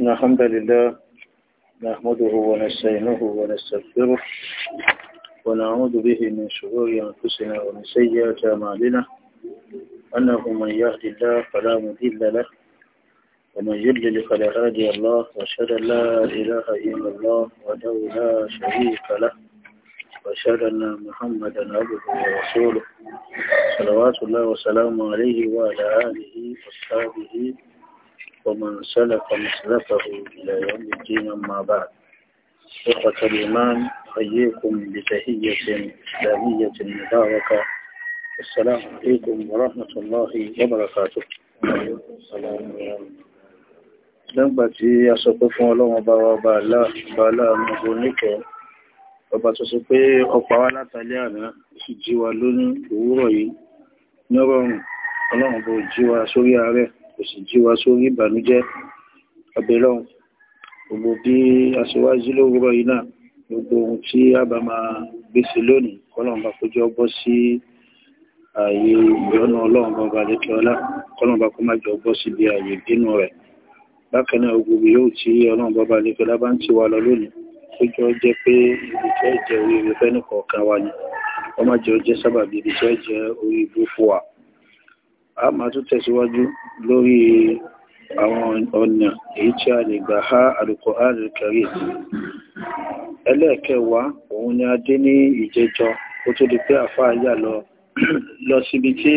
إن الحمد لله نحمده ونستعينه ونستغفره ونعوذ به من شرور أنفسنا ومن سيئات أعمالنا أنه من يهد الله فلا مضل له ومن يضلل فلا هادي الله وأشهد أن لا إله إلا الله وحده لا شريك له وأشهد أن محمدا عبده ورسوله صلوات الله وسلامه عليه وعلى آله وأصحابه ومن سلك مسلكه إلى يوم الدين أما بعد إخوة الإيمان أحييكم بتحية إسلامية مباركة السلام عليكم ورحمة الله وبركاته lẹ́gbà tí a sọ pé fún ọlọ́run bá wa bá aláàmù oníkẹ́ ọba tó sọ pé ọpa wá látàlẹ́ àná sì lónìí òwúrọ̀ yìí ní ọrọ̀rùn ọlọ́run bó jí sórí àárẹ̀ kò sì jí wa sórí ìbànújẹ́ abẹ́lọ́hùn gbogbo bí aṣíwájú lówùrọ̀ yìí náà gbogbo ohun tí a bá máa gbèsè lónìí kọ́lọ́mbà kójọ bọ́ sí ààyè ìyọ́nà ọlọ́run bàbá lẹ́kẹ́ọ́lá kọ́lọ́mbà kó má jọ bọ́ síbi ààyè ìbínú rẹ̀ bákan náà gbogbo yóò tí ọlọ́run bàbá lẹ́kẹ́ọ́lá bá ń ti wà lọ lónìí kójọ jẹ́ pé ìbùjẹ́ ìjẹ́ orí ìrẹ́fẹ́ nìkọ̀ọ̀kan wa ni wọ́n má jọ jẹ́ sábàbí ìbùjẹ́ ìjẹ́ orí ìbú wa a máa tún tẹ̀síwájú lórí àwọn ọ̀nà èyí tí a lè gbà há Al-Qur'ān ẹlẹ́ẹ̀kẹwàá òun ni a dé ní ìjẹjọ ó tó di pé àfáà yà lọ lọ síbi tí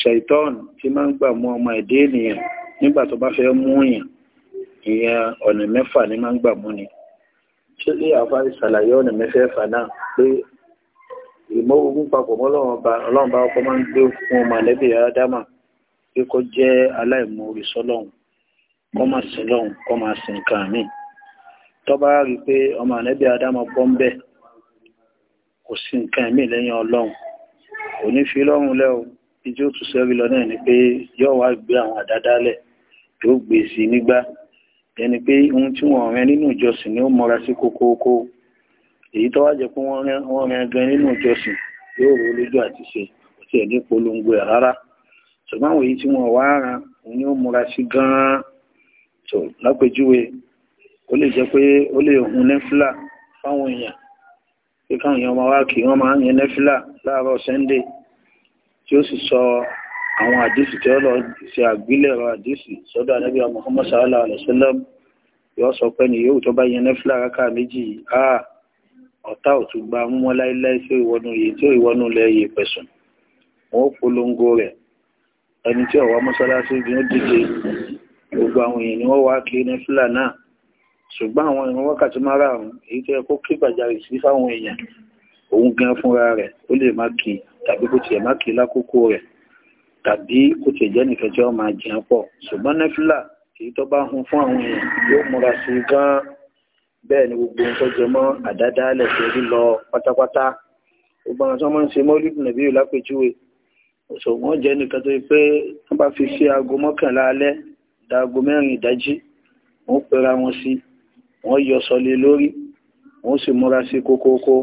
ṣẹ̀tọ́n ti máa ń gbà mú ọmọ ẹ̀dẹ́ ènìyàn nígbà tó bá fẹ́ mú yàn ìyẹn ọ̀nà mẹ́fà ni máa ń gbà mú ni ṣé àfáà ṣàlàyé ọ̀nà mẹ́fẹ̀ẹ̀fà náà pé ìmọ̀ ogun papọ̀ mọ́ ọlọ́run bá ọkọ̀ máa ń gbé fún mọ̀lẹ́bí ádámà pé kó jẹ́ aláìmoore sọ́lọ́run kó máa sìn lọ́run kó máa sìn nǹkan míì tó bá rí pé ọmọ ànẹ́bí ádámà bọ́ ń bẹ̀ kò sí nǹkan míì lẹ́yìn ọlọ́run kò ní fi lọ́run lẹ́wọ̀ ijó tún sẹ́rí lọ náà ni pé yóò wá gbé àwọn àdádálẹ̀ yóò gbèsè nígbà ẹni pé ohun tí wọ́n rẹ nínú ìjọsìn ni ó mọra sí kókóókó èyí tó wá jẹ́ pé wọ́n rìn gan nínú ìjọsìn yóò rò lójú àti ṣe kò tiẹ̀ polongo ẹ̀ rárá ṣùgbọ́n àwọn èyí tí wọ́n wá ran òun ni ó múra sí gan-an tó lápèjúwe ó lè jẹ́ pé ó lè hun nẹ́fìlà fáwọn èèyàn pé káwọn èèyàn máa wá kí wọ́n máa ń yan nẹ́fìlà láàárọ̀ sẹ́ńdè tí ó sì sọ àwọn àdìsí tí ó lọ ṣe àgbélẹ̀rọ àdìsí sọ́dọ̀ anábì Muhammad sallallahu alaihi wasallam yóò sọ pé ní yóò tó bá yan nẹ́fìlà rákà méjì áà ọ̀tá ò tún gba mọ́ láíláí tí ó ìwọ́nú yìí tí ó ìwọ́nú lẹ̀ yìí pẹ̀sùn wọn ó polongo rẹ̀ ẹni tí ọ̀wá mọ́sálásí ni ó dìde gbogbo àwọn èèyàn ni wọ́n wá kí ní fúlà náà ṣùgbọ́n àwọn ìran wákàtí márààrún èyí tó yẹ kó kí gbàjarì sí fáwọn èèyàn òun gan fúnra rẹ̀ ó lè má kí tàbí kó tiẹ̀ má kí lákòókò rẹ̀ tàbí kó tiẹ̀ jẹ́ nìkan tí wọ́n máa jẹun pọ̀ ṣùgbọ́n nẹ́fìlà èyí tó bá hun fún àwọn èèyàn yóò múra sí gan-an bẹ́ẹ̀ ni gbogbo ohun tó jẹ mọ́ àdádálẹ̀ tó rí lọ pátápátá gbogbo àwọn tó máa ń ṣe mọ́lúdù nàbí yóò lápèjúwe òṣòwọ́n jẹ́ nìkan tó yẹ pé wọ́n bá fi sí aago mọ́kànlá alẹ́ da aago mẹ́rin ìdájí wọ́n pera wọn sí wọ́n yọ sọlé lórí wọ́n sì múra sí kókókó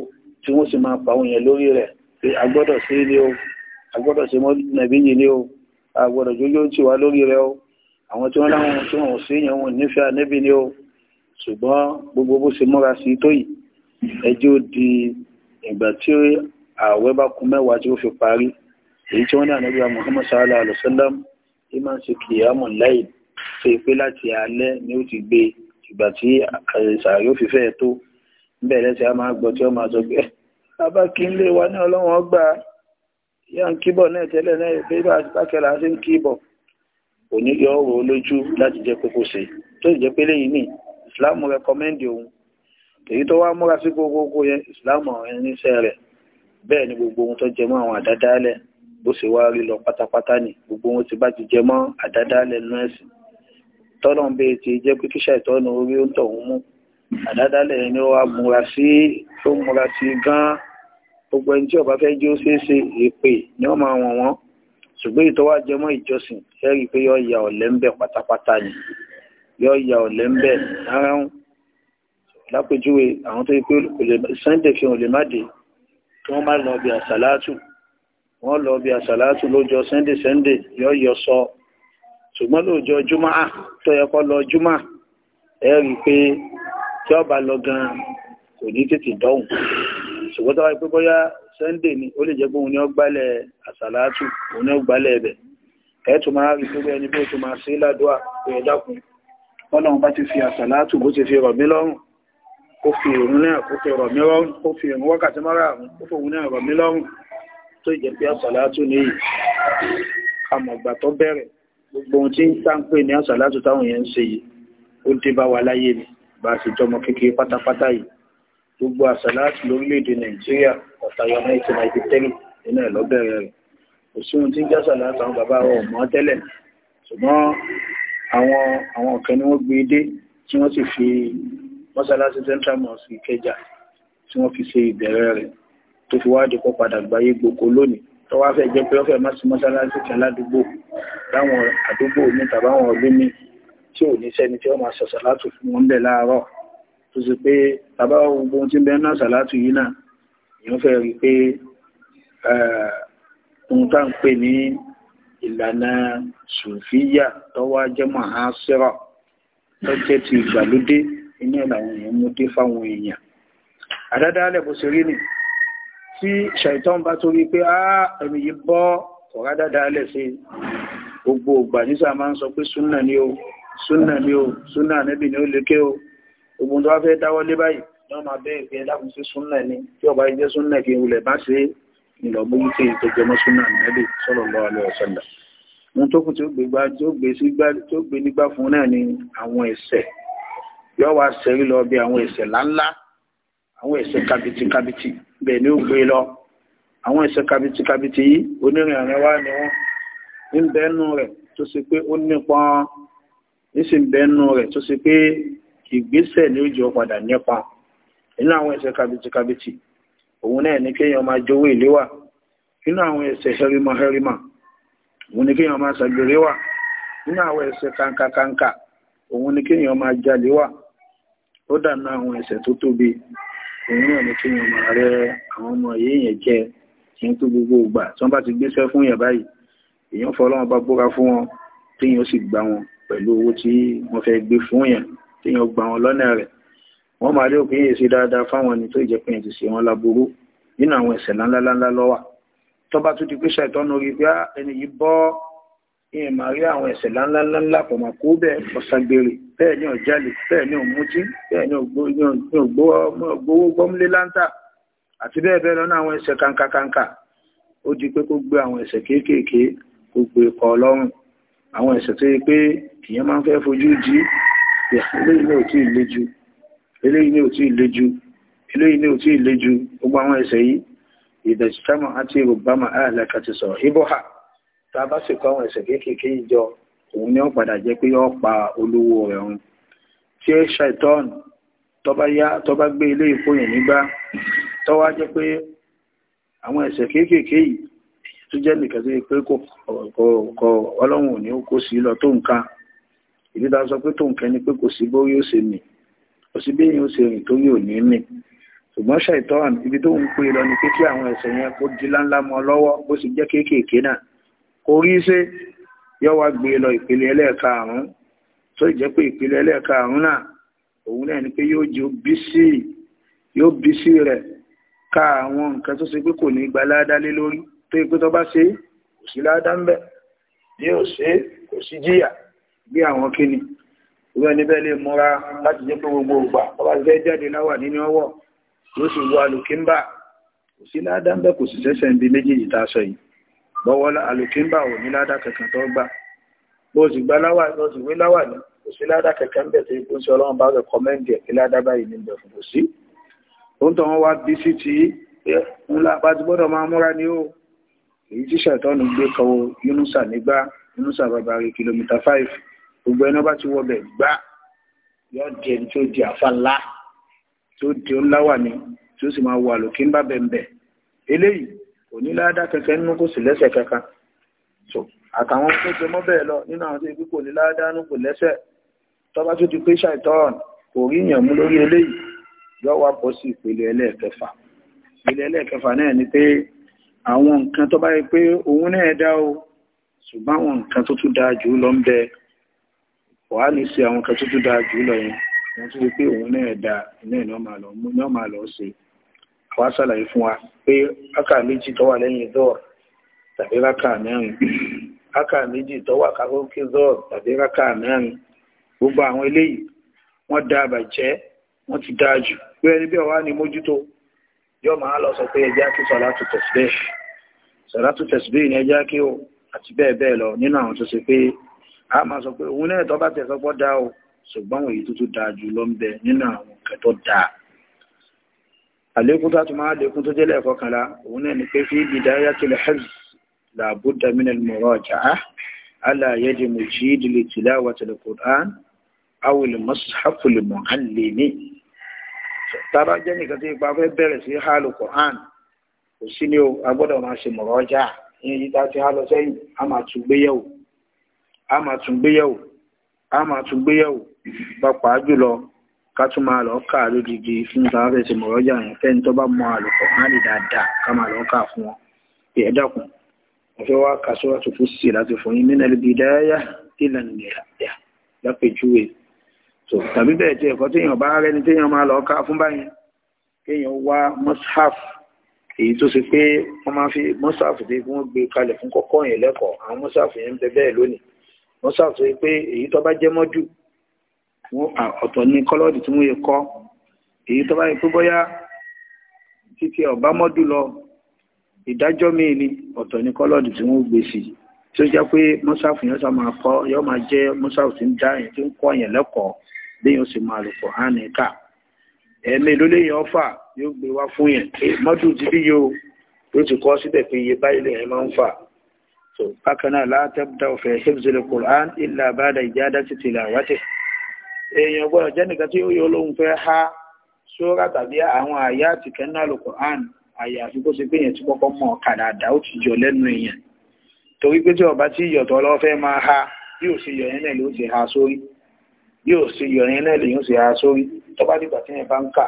tí wọ́n sì máa pa àwọn èèyàn lórí rẹ̀ pé a sí ilé o a gbọ́dọ̀ sí mọ́lúdù nàbí yìí ni o a gbọ́dọ̀ jójó tì wá lórí rẹ̀ o àwọn tí wọ́n láwọn tí wọ́n sí èèyàn wọn nífẹ̀ẹ́ ànẹ́bí ni o ṣùgbọ́n gbogbo bó ṣe múra sí tó yìí ẹjọ́ di ìgbà tí ààwẹ̀ bá kù mẹ́wàá tí ó fi parí èyí tí wọ́n ní ànábì wa Muhammad sallallahu alaihi wasallam tí kìyàmù láì ṣe pé láti alẹ́ ni ó ti gbé ìgbà tí àìsàárò fífẹ́ tó bẹ̀rẹ̀ sí a máa gbọ́ tí ó máa sọ pé eh, bàbá kí ń lé wa ní ọlọ́run ọgbà yá ń kíbọ̀ náà tẹ́lẹ̀ náà pé bákẹ́lá sí ń kíbọ̀ òní yọ ọ̀rọ̀ lójú láti jẹ́ kókó ṣe tó sì jẹ́ pé lẹ́yìn nìyí ìsìláàmù rẹkọmẹ́ndì òun èyí tó wá múra sí gbogbogbò yẹn ìsìláàmù àwọn ẹni iṣẹ́ rẹ̀ bẹ́ẹ̀ ni gbogbo ohun tó jẹ mọ́ àwọn àdádálẹ̀ bó ṣe wá rí lọ pátápátá ni gbogbo ohun tí bá ti jẹ mọ́ àdádálẹ̀ nú ẹ̀sìn tọ́nà ń bẹ́ẹ̀ ti jẹ́ pé kíṣà ìtọ́nà orí ó ń tọ̀hún mú àdádálẹ̀ ni ó wá múra sí tó múra sí gan gbogbo ẹni tí ó fẹ́ jẹ́ ó èpè ni wọ́n máa wọ̀n wọ́n ṣùgbọ́n ìtọ́wá ìjọsìn ẹ rí i pé yọ ya ọ̀lẹ́ ń bẹ̀ pátápátá ni yọ ìyà ọ̀lẹ́ ń bẹ̀ rárá ń lápèjúwe àwọn tó yẹ pé sunday fi hàn lè má dé kí wọ́n má lọ bí àsàlátù wọ́n lọ bí àsàlátù lójọ sunday sunday yọ yọ sọ ṣùgbọ́n lóòjọ́ júmọ́ à ah, tó yẹ kó lọ júmọ́ ẹ rí i pé tí ọba lọ gan kò ní tètè dọ́hùn ṣùgbọ́n tó wáyé pé bóyá sunday ni ó lè jẹ́ pé òun ni ó gbálẹ̀ àsàlátù òun ni ó gbálẹ̀ ẹ̀bẹ̀ ẹ̀ tó máa rí i pé bẹ́ẹ̀ ni bó tó máa ṣe ládùúà pé ẹ ọlọ́run bá ti fi àsàlátù bó ti fi rọ̀ lọ́rùn ó fi òun náà ó fi rọ̀ lọ́rùn ó fi òun wákàtí mara àrùn ó fi náà rọ̀ lọ́rùn tó ìjẹ́ pé àsàlátù ní yìí àmọ̀gbà tó bẹ̀rẹ̀ gbogbo ohun tí ń tá ní àsàlátù táwọn yẹn ń ṣe yìí ó dé bá wa láyé mi bá a sì jọmọ kékeré pátápátá yìí gbogbo àsàlátù lórílẹ̀-èdè nàìjíríà ọ̀tayọ 1993 nínú ẹ̀ lọ́bẹ̀rẹ̀ rẹ̀ kò sí ohun àwọn àwọn ọ̀kẹ́ ni wọ́n gbé dé tí wọ́n sì fi mọ́sálásí central mosque Ìkẹjà tí wọ́n fi ṣe ìbẹ̀rẹ̀ rẹ̀ tó fi wádìí kọ́ padà gbáyé gboko lónìí tó wá fẹ́ jẹ́ pé ó fẹ́ má sí mọ́sálásí kan ládùúgbò láwọn àdúgbò mi tàbáwọn ọdún mi tí ò ní sẹ́ni tí wọ́n máa sọ̀sọ̀ látò fún wọn bẹ̀ láàárọ̀ tó sì pé bàbá gbogbo ohun tí ń bẹ náà sàlátù yìí náà èèyàn fẹ́ rí pé ohun tá à ń pè ní ìlànà sùfíyà tọ́wọ́ jẹ́ mọ̀hánsírọ̀ tó jẹ́ ti ìgbàlódé inú ẹ̀ làwọn èèyàn mú dé fáwọn èèyàn àdádálẹ̀ bó ṣe rí ni tí ṣàìtàn bá torí pé á ẹ̀mí yìí bọ́ ọ̀rá dádálẹ̀ sí gbogbo ògbà nísà máa ń sọ pé súnà ni o súnà ni o súnà níbi ni ó lékè o gbogbo tó wá fẹ́ dáwọ́ lé báyìí lọ́mọ abẹ́ ìfẹ́ dákùn sí súnà ni tí ọba ẹgbẹ́ súnà kì í wulẹ̀ bá ṣe é ìlọ́gbó ń tẹ̀yìn tó jẹmọ́ súnà nẹ́bì sallallahu alaihi wasallam ohun tó kù tí ó gbé nígbà fún náà ni àwọn ẹ̀ṣẹ̀ yóò wá sẹ́rí lọ bí àwọn ẹ̀ṣẹ̀ láńlá àwọn ẹ̀ṣẹ̀ kabitikabiti bẹ́ẹ̀ ni ó gbé lọ àwọn ẹ̀ṣẹ̀ kabitikabiti yìí onírìn àárín wa ni wọ́n ń bẹ́ẹ̀nù rẹ̀ tó ṣe pé ó nípọn ń sì ń bẹ́ẹ̀nù rẹ̀ tó ṣe pé ìgbésẹ̀ ni ó jẹ́ padà nípa nínú àwọn ẹ̀ṣẹ̀ kabitikabiti òun náà ní kéèyàn máa jowó ìléwà nínú àwọn ẹ̀ṣẹ̀ hẹrìmọ̀ hẹrìmọ̀ òun ní kéèyàn máa ṣàgbèrè wà nínú àwọn ẹ̀ṣẹ̀ kàǹkàkàǹkà òun ní kéèyàn máa jalè wà ó dànù àwọn ẹ̀ṣẹ̀ tó tóbi òun náà ní kéèyàn máa rẹ àwọn ọmọ èèyàn jẹ ní tó gbogbo ìgbà tí wọ́n bá ti gbéṣẹ́ fún yàn báyìí èèyàn fọlọ́wọ́n bá búra fún wọn téèyàn sì gbà wọn pẹ̀lú owó tí wọ́n fẹ́ gbé fún yàn téèyàn gbà wọn lọ́nà rẹ̀ wọ́n máa lé òpin èsì dáadáa fáwọn ẹni tó ìjẹ́pin ẹ̀sì sí wọn láburú nínú àwọn ẹ̀ṣẹ̀ ńláńláńlá lọ́wà tó bá tún ti pèsè ìtọ́nu rí bí ah, ẹni yìí bọ́ ìyẹn máa rí àwọn ẹ̀ṣẹ̀ ńláńláńlá pọ̀ máa kó bẹ́ẹ̀ ọ̀sàgbèrè bẹ́ẹ̀ ni ọ̀jálè bẹ́ẹ̀ ni ọ̀mútí bẹ́ẹ̀ ni ògbówó gbọ́múlé láńtà àti bẹ́ẹ̀ bẹ́ẹ̀ lọ́nà àwọn ẹ̀ṣẹ̀ kàǹkàkàǹkà ó di pé kó gbé àwọn ẹ̀ṣẹ̀ kéékèèké kó gbé kọ́ ọlọ́run àwọn ẹ̀ṣẹ̀ tó yẹ pé ìyẹn máa ń fẹ́ fojú jí ilé ò tí ì le ju eléyìí ní òtí ìlejú eléyìí ní òtí ìlejú gbogbo àwọn ẹsẹ̀ yìí ìdẹ̀síkámọ̀ àti ìrùbámọ̀ àìlẹ́ka ti sọ̀rọ̀ ibọ̀hà tá a bá sì kọ́ àwọn ẹsẹ̀ kéékèèké ìjọ òun ni ó padà jẹ́ pé ó pa olówó rẹ̀ run tí ó ṣàìtọ́n tọ́ba yá tọ́ba gbé ilé ìfòyìn nígbà tọ́wá jẹ́ pé àwọn ẹsẹ̀ kéékèèké tó jẹ́ nìkan tó pé kò ọlọ́run ò ní kó sí lọ tó nǹkan ìdí tá sọ pé tó nǹkan ni pé kò sí bórí ó ṣe mì kò sí bẹ́ẹ̀ yóò ṣe rìn tó yóò ní mì ṣùgbọ́n ṣàìtọ́n ibi tó ń pè lọ ni pé kí àwọn ẹ̀ṣẹ̀ yẹn kó di láńlá mọ́ lọ́wọ́ bó sì jẹ́ kéékèèké náà kò rí ṣe yọ gbé e lọ ìpele ẹlẹ́ẹ̀karùn-ún tó ìjẹ́ pé ìpele ẹlẹ́ẹ̀karùn-ún náà òun náà ni pé yóò jẹ́ bísí yóò bísí rẹ̀ ka àwọn nǹkan tó ṣe pé kò ní gba ládá lé lórí tó ipé tó bá ṣe kò sí ládá ń bẹ̀ bí ó ṣe kò sí jíyà bí àwọn kíni ìwé níbẹ̀ lè múra láti jẹ́ pé gbogbo ògbà ọba fẹ́ jáde láwà nínú ọwọ́ yóò sì wọ alùkíńbà kò sí ládá ń bẹ́ kò sì sẹ́sẹ̀ ń bi méjèèjì tá a sọ yìí bọ́wọ́ alùkíńbà ò ní ládá kankan tó gbà bó o sì gba láwà ló sì wé láwà ní kò sí ládá kankan ń bẹ̀ tó ikú sí ọlọ́run bá rẹ̀ kọ́mẹ́ǹdì ẹ̀ ládá báyìí ní ìbẹ̀ kò sí. ó ń tọ́ wọn wá bí sí ti ńlá bá ti gbọ́dọ̀ máa múra ní o èyí tí ṣàtọ́nù gbé kọ Yunusa nígbà Yunusa bàbá rẹ̀ kìlómítà five gbogbo ẹni bá ti wọbẹ̀ gbá yóò di ẹni tó di àfàlá tó di ńláwà ni tí ó sì máa wà lókè ń bá bẹ̀m̀bẹ̀ eléyìí kò ní ládá kẹkẹ nínú kò sì lẹ́sẹ̀ kankan so àtàwọn tó jẹ mọ́ bẹ́ẹ̀ lọ nínú àwọn tó ibi kò ní ládá nínú kò lẹ́sẹ̀ tọ́ba tó ti pé ṣàìtọ́ọ̀n kò rí ìyàn mú lórí eléyìí yóò wá bọ́ sí ìpele ẹlẹ́ẹ̀kẹfà ìpele ẹlẹ́ẹ̀kẹfà náà ni pé àwọn nǹkan tó bá yẹ pé òun náà dá o ṣùgbọ́n àwọn nǹkan tó tún dáa jù lọ ń bẹ wàá lè ṣe àwọn kan tó tún dáa jù lọ yẹn wọ́n tún rí pé òun náà dá iná ní ọmọ àlọ́ ní ọmọ àlọ́ ṣe wàá ṣàlàyé fún wa pé rákà méjì tó wà lẹ́yìn dọ́ọ̀ tàbí rákà mẹ́rin rákà méjì tó wà kákókè dọ́ọ̀ tàbí rákà mẹ́rin gbogbo àwọn eléyìí wọ́n dá àbàjẹ́ wọ́n ti dáa jù pé ẹni bí ọ̀wá ni mójútó yóò máa lọ sọ pé ẹjẹ́ kí sọ̀látù tẹ̀síbẹ́ẹ̀ sọ̀látù tẹ̀síbẹ́ẹ̀ ni ẹjẹ́ kí o àti bẹ́ẹ̀ bẹ́ẹ̀ lọ nínú àwọn tó ṣe pé a máa sọ pé òun náà tọ́ba tẹ̀ sọ́pọ́ dá o ṣùgbọ́n òye tó tún dáa jù lọ ń bẹ nínú àwọn nǹkan tó dáa àlékún tó àtúmọ̀ àlékún tó jẹ́lẹ̀ kọkànlá òun náà ni pé fi bidayatil hifz làbúdà min al-muraja'a ala yadi mujid li tilawati al-Qur'an aw al-mushaf al-mu'allimi tábà jẹ́ nìkan tí ipa fẹ́ bẹ̀rẹ̀ sí hálù Qur'an kò sí ni o a máa ṣe muraja'a ìyẹn yìí tá a ti há sẹ́yìn a máa tún gbéyẹ̀wò a máa tún gbéyẹ̀wò a máa tún gbéyẹ̀wò pàápàá jùlọ ká tún máa lọ kà lódìdí fún sàáfẹ́ sí mọ̀rọ́jà yẹn fẹ́ni tó bá mọ àlùkọ̀ hàn lè dáadáa ká máa lọ kà fún wọn pé ẹ dákun mo fẹ́ wá kà tó fún sí láti fún yín nínú ẹlẹ́bí dáyà ìlànà ìlànà lápèjúwe tàbí bẹ́ẹ̀ tí ẹ̀kọ́ téèyàn bá rẹni téèyàn máa lọ kà fún báyìí kéèyàn wá mọ́sáfù èyí tó ṣe pé wọ́n máa fi mọ́sáàfù tí wọ́n gbé kalẹ̀ fún kọ́kọ́ yẹn lẹ́kọ̀ọ́ àwọn mọ́sáàfù yẹn ń bẹ bẹ́ẹ̀ lónìí wọ́n ṣàtò pé èyí tó bá jẹ́ mọ́jú ọ̀tọ̀ ní kọ́lọ́ọ̀dì tí wọ́n yẹ kọ́ èyí tó bá yẹ pé bóyá títí ọ̀bá mọ́jú lọ ìdájọ́ míì ni ọ̀tọ̀ ní kọ́lọ́ọ̀dì tí wọ́n gbé sí tí ó jẹ́ pé mọ́sáfù yẹn sá máa kọ́ yọ́ máa jẹ́ mọ́sáfù tí ń dá yẹn tí ń kọ́ yẹn lẹ́kọ̀ọ́ bí yẹn sì máa lò pọ̀ hàn ní ká ẹ̀ẹ́mẹ́ ló lè yẹn ọ̀fà yóò gbé wá fún yẹn mọ́jú ti bí yóò ló ti kọ́ síbẹ̀ pé iye báyìí lè yẹn máa ń fà so bákan náà la tabda'u fi hifzil Qur'an illa ba'da ijadati tilawatihi èèyàn gbọ́dọ̀ jẹ́ nìkan tí ó yọ lóhun fẹ́ ha sóra tàbí àwọn àyà àti kẹ́ńdà lò Qur'an àyàfi kó ṣe pé èèyàn ti kọ́kọ́ mọ̀ ọ̀kadà àdá ó ti yọ lẹ́nu èèyàn torí pé tí ọba tí ìyọ̀tọ̀ ọlọ́wọ́ fẹ́ máa ha bí ṣe yọ yẹn náà ló ṣe ṣe ha sórí tọ́ba dìgbà tí yẹn bá ń kà